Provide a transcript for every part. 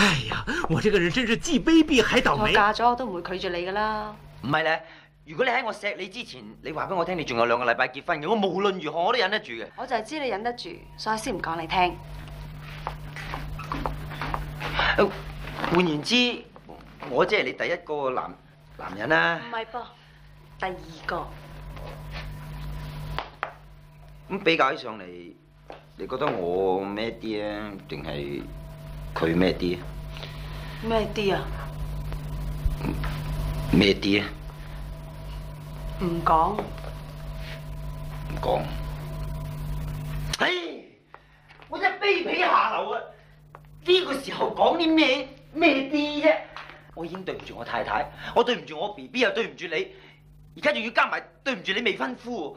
哎呀，我這個人真是自卑鄙喺度。我嫁咗，我都唔會拒絕你噶啦。唔係咧，如果你喺我錫你之前，你話俾我聽，你仲有兩個禮拜結婚嘅，我無論如何我都忍得住嘅。我就係知你忍得住，所以先唔講你聽。換言之，我即係你第一個男男人啦。唔係噃，第二個。咁比較起上嚟，你覺得我咩啲啊？定係？佢咩啲？咩啲啊？咩啲啊？唔講。唔講。唉！我真係卑鄙下流啊！呢個時候講啲咩咩啲啫？我已經對唔住我太太，我對唔住我 B B，又對唔住你，而家仲要加埋對唔住你未婚夫。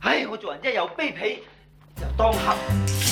唉！我做人真係又卑鄙又當黑。